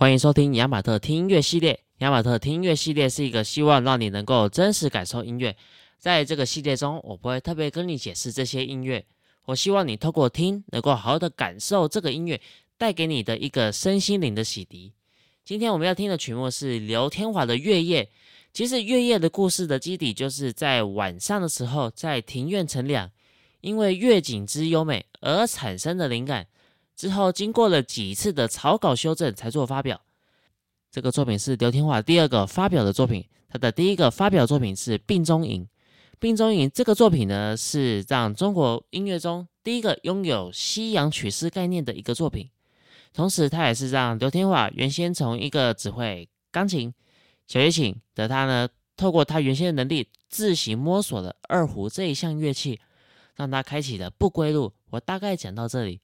歡迎收聽雅馬特聽音樂系列。雅馬特聽音樂系列是一個希望讓你能夠真實感受音樂。在這個系列中，我不會特別跟你解釋這些音樂，我希望你透過聽，能夠好好的感受這個音樂帶給你的一個身心靈的洗滌。今天我們要聽的曲目是劉天華的《月夜》。其實《月夜》的故事的基底就是在晚上的時候，在庭院乘涼，因為月景之優美而產生的靈感。之後經過了幾次的草稿修正才做發表。這個作品是劉天華第二個發表的作品。他的第一個發表作品是《病中吟》。《病中吟》這個作品呢，是讓中國音樂中第一個擁有西洋曲式概念的一個作品。同時，它也是讓劉天華原先從一個只會鋼琴、小提琴的他呢，透過他原先的能力自行摸索了二胡這一項樂器，讓他開啟了不歸路。我大概講到這裡。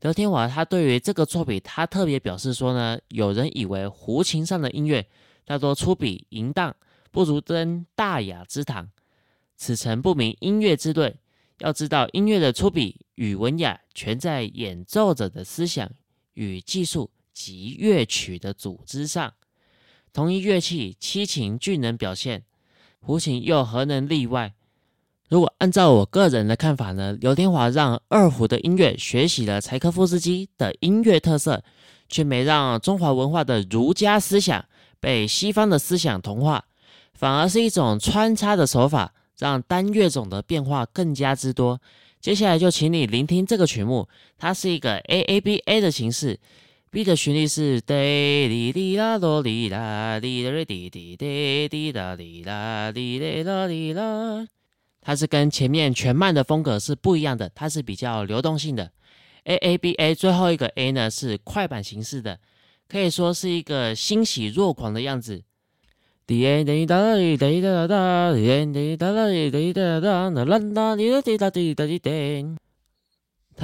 劉天華他對於這個作品，他特別表示說呢，有人以為胡琴上的音樂大多粗鄙淫蕩，不如登大雅之堂。此誠不明音樂之對，要知道，音樂的粗鄙與文雅，全在演奏者的思想與技術及樂曲的組織上。同一樂器，七情俱能表現，胡琴又何能例外？如果按照我個人的看法呢，劉天華讓二胡的音樂學習了柴可夫斯基的音樂特色，卻沒讓中華文化的儒家思想被西方的思想同化，反而是一種穿插的手法，讓單樂種的變化更加之多。接下來就請你聆聽這個曲目，它是一個 A A B A 的形式。B 的旋律是：哩哩啦囉哩啦哩哩哩哩哩哩啦哩啦哩哩啦哩啦。它是跟前面全慢的風格是不一樣的，它是比較流動性的，A A B A，最後一個 A 呢是快板形式的，可以說是一個欣喜若狂的樣子。它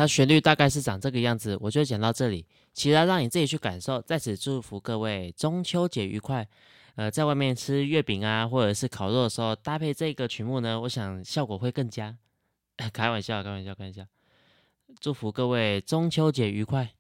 旋律大概是長這個樣子，我就講到這裡，其他讓你自己去感受。在此祝福各位中秋節愉快。呃，在外面吃月餅啊，或者是烤肉的時候，搭配這個曲目呢，我想效果會更佳。開玩笑，開玩笑，開玩笑。祝福各位中秋節愉快。